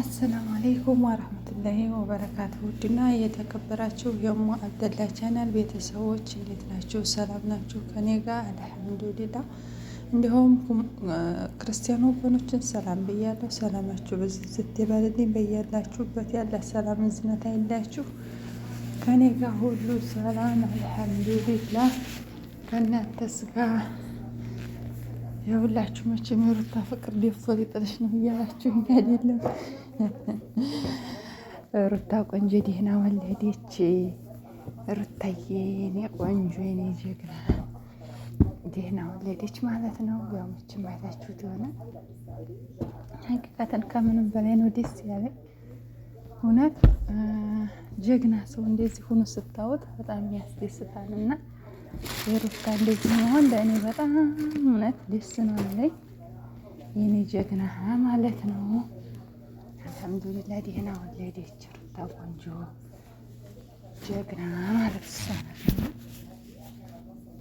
አሰላሙ አለይኩም ወረህመቱላሂ ወበረካቱ። ውድና የተከበራችሁ የሞ አብደላ ቻናል ቤተሰቦች እንዴት ናችሁ? ሰላም ናችሁ? ከኔ ጋር አልሐምዱሊላ። እንዲሁም ክርስቲያን ወገኖችን ሰላም ብያለሁ። ሰላማችሁ በዝት ይበልልኝ። በያላችሁበት ያለ ሰላም እዝነት አይላችሁ። ከኔ ጋር ሁሉ ሰላም አልሐምዱሊላ። ከእናንተስ ጋር የሁላችሁ መቼም የሩታ ፍቅር ደፍቶ ሊጥልሽ ነው እያላችሁ አይደለም ሩታ ቆንጆ ደህና ወለደች። ሩታዬ የኔ ቆንጆ የኔ ጀግና ደህና ወለደች ማለት ነው። ያሞች ማይታችሁት የሆነ ሀቂቃተን ከምንም በላይ ነው ደስ ያለ እውነት ጀግና ሰው እንደዚህ ሆኖ ስታወት በጣም ያስደስታል። እና የሩታ እንደዚህ መሆን ለእኔ በጣም እውነት ደስ ነው አለኝ የኔ ጀግና ማለት ነው። አልሐምዱሊላ ደህና ወለደች። ሩታ ቆንጆ ጀግና ማለት እሷ ናት።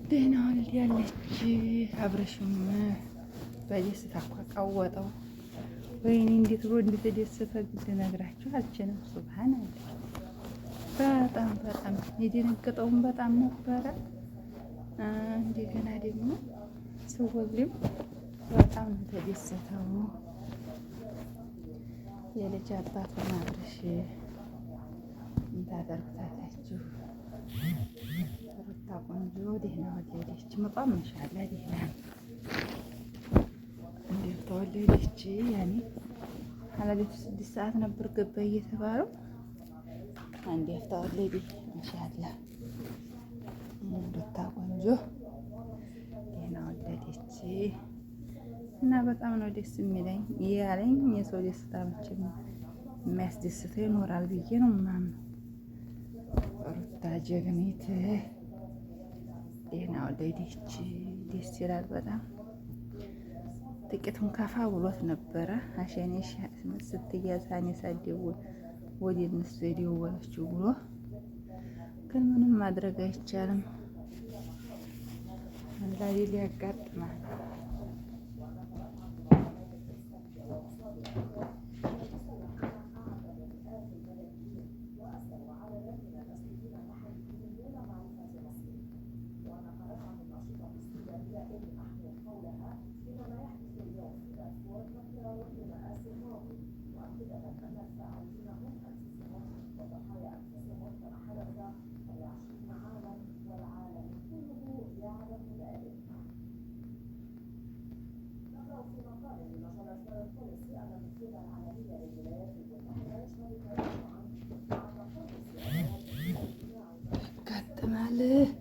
ደህና ወልድ ያለች አብረሽም በደስታ እኮ ወይኔ እንዴት ብሎ እንደተደሰተ ግድ አልችልም። ሱብሃን አለ በጣም በጣም የደነገጠውም በጣም ነበረ። እንደገና ደግሞ ስወልም በጣም ነው የልጅ አባት አብርሽ እንታደርጉታላችሁ። ሩታ ቆንጆ ደህና ወለደች። በጣም ማሻአላ ደህና እንዴት ተወለደች? ያኔ አለቤቱ ስድስት ሰዓት ነበር ገባ እየተባለው እንዴት ተወለደች? ማሻአላ ሩታ ቆንጆ ደህና ወለደች። እና በጣም ነው ደስ የሚለኝ ያለኝ የሰው ደስታ መቼም የሚያስደስተው ይኖራል ብዬ ነው የማምነው። ሩታ ጀግኒት ጤና ወለደች። ደስ ይላል በጣም ጥቂቱን ከፋ ብሎት ነበረ። አሸኔ ስትያዝ እኔ ወደ እነሱ የደወለችው ብሎ ግን ምንም ማድረግ አይቻልም። አንዳንዴ ሊያጋጥማል። Thank you. لا صار الاسر خلص يعني تبدا عمليه رجيلات و مايش ممكن معك فطور الصباح كتمالي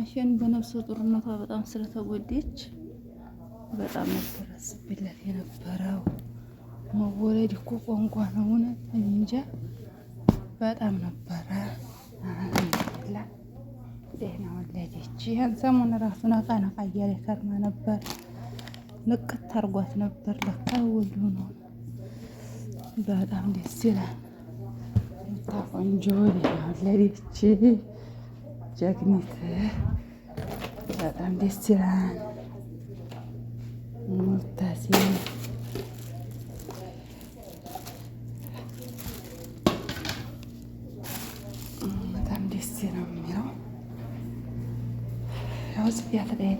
አሸን በነፍሰ ጡርነቷ በጣም ስለተጎደች በጣም ነበር አስቤላት የነበረው። መወለድ እኮ ቋንቋ ነው። እውነት እንጃ በጣም ነበረ ላ ጤና ወለደች። ይህን ሰሞን ራሱን ነቃ ነቃ እያለ ከርማ ነበር። ንቅት አርጓት ነበር። ለካ ወሉ ነው። በጣም ደስ ይላል። ታቆንጆ ጤና ወለደች። ጀግኒት በጣም ደስ ይላል። ሙርታሲ በጣም ደስ ነው የሚለው ያው ጽያት ላይ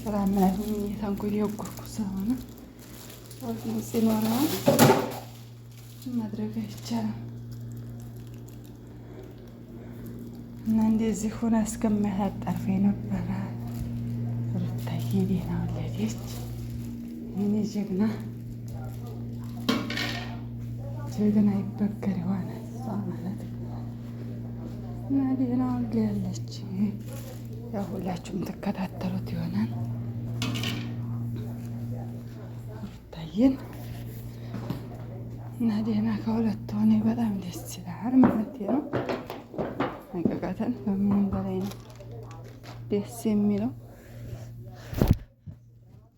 ስራ ምናምን እየታንጎል የወጎርኩ ስለሆነ ሲኖረውን ማድረግ አይቻልም። እና እንደዚህ ሆና እስከሚያሳጠርፈ የነበረ ሩታዬ ደህና ወለደች። እኔ ጀግና ጀግና ይበገር የሆነ እሷ ማለት እና ደህና ወልዳለች። ያው ሁላችሁም ትከታተሉት ይሆናል ሩታዬን እና ደህና ከሁለት ሆኔ በጣም ደስ ይላል ማለት ነው። መነቃቃትን ከምንም በላይ ነው ደስ የሚለው።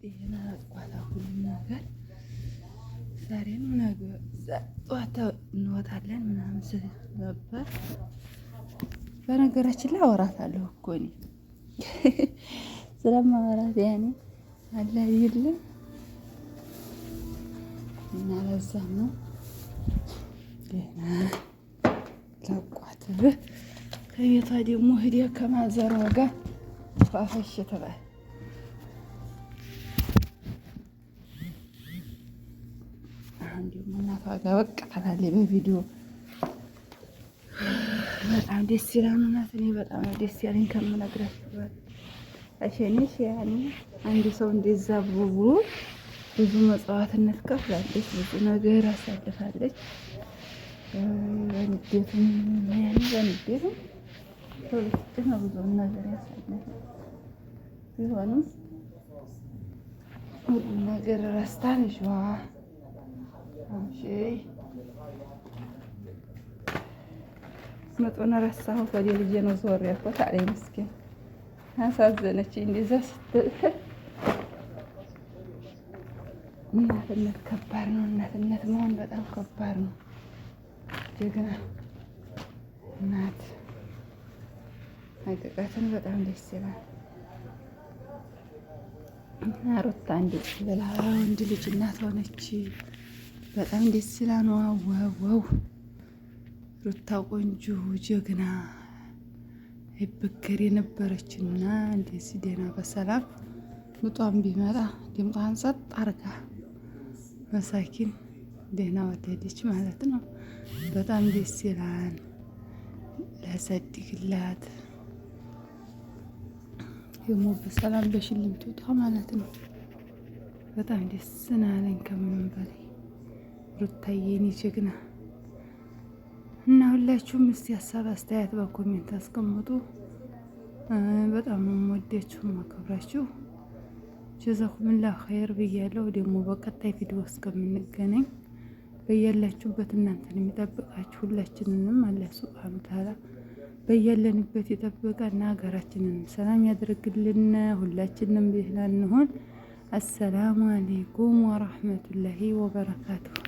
ይህን አጥቋት ሁሉም ነገር ዛሬም ነገ ጠዋት እንወጣለን ምናምን ስል ነበር። በነገራችን ላይ አወራታለሁ እኮ እኔ ስለማወራት ያኔ አለ ይልን እና ለዛም ነው ገና ለቋት እየቷ ደግሞ ህዴ ከማዘሯ ጋር ፋፈሽ ትበል። አሁን ደግሞ እናቷ ጋር በቃ ትላለች በቪዲዮ በጣም ደስ ይላል። እውነት እኔ በጣም ደስ ያለኝ ከምነግራችሁ በኋላ እሸኔሽ ያኔ አንድ ሰው እንደዛ ብሎ ብሎ ብዙ መጽዋዕትነት ከፍላለች፣ ብዙ ነገር አሳልፋለች። በንዴትም ያኔ በንዴትም ትውልድ ነው ብዙውን ነገር ያሳለፈ ቢሆንም ሁሉም ነገር ረስታ ልጅዋ መጡን ረሳሁ ወደ ልጄ ነው ዞር ያልኩት አለኝ። ምስኪን አሳዘነች። እንደዛ ስትል እናትነት ከባድ ነው። እናትነት መሆን በጣም ከባድ ነው። ጀግና እናት ሀቂቃትን በጣም ደስ ይላል። እና ሩታ አንድ ብላ ወንድ ልጅ እናት ሆነች። በጣም ደስ ይላል። ዋዋዋው ሩታ ቆንጆ ጀግና ይበከር የነበረችና እንደዚ ደና በሰላም ምጧን ቢመጣ ድምጧን ጸጥ አርጋ መሳኪን ደህና ወለደች ማለት ነው። በጣም ደስ ይላል። ለሰድግላት ደግሞ በሰላም በሽልም ትወጣ ማለት ነው። በጣም ደስ ናለኝ ከምንም በላይ ሩታዬ የኔ ጀግና እና ሁላችሁም እስቲ ሀሳብ አስተያየት በኮሜንት አስቀምጡ። በጣም ነው የምወዳችሁ ማከብራችሁ ጀዛኩምላህ ኸይር ብያለሁ። ደግሞ በቀጣይ ቪዲዮ እስከምንገናኝ በያላችሁበት እናንተን የሚጠብቃችሁ ሁላችንንም አላህ ሱብሃነሁ ተዓላ በያለንበት የጠበቀና ሀገራችንን ሰላም ያደርግልን። ሁላችንም ብህላ እንሆን። አሰላሙ አሌይኩም ወራህመቱላሂ ወበረካቱሁ።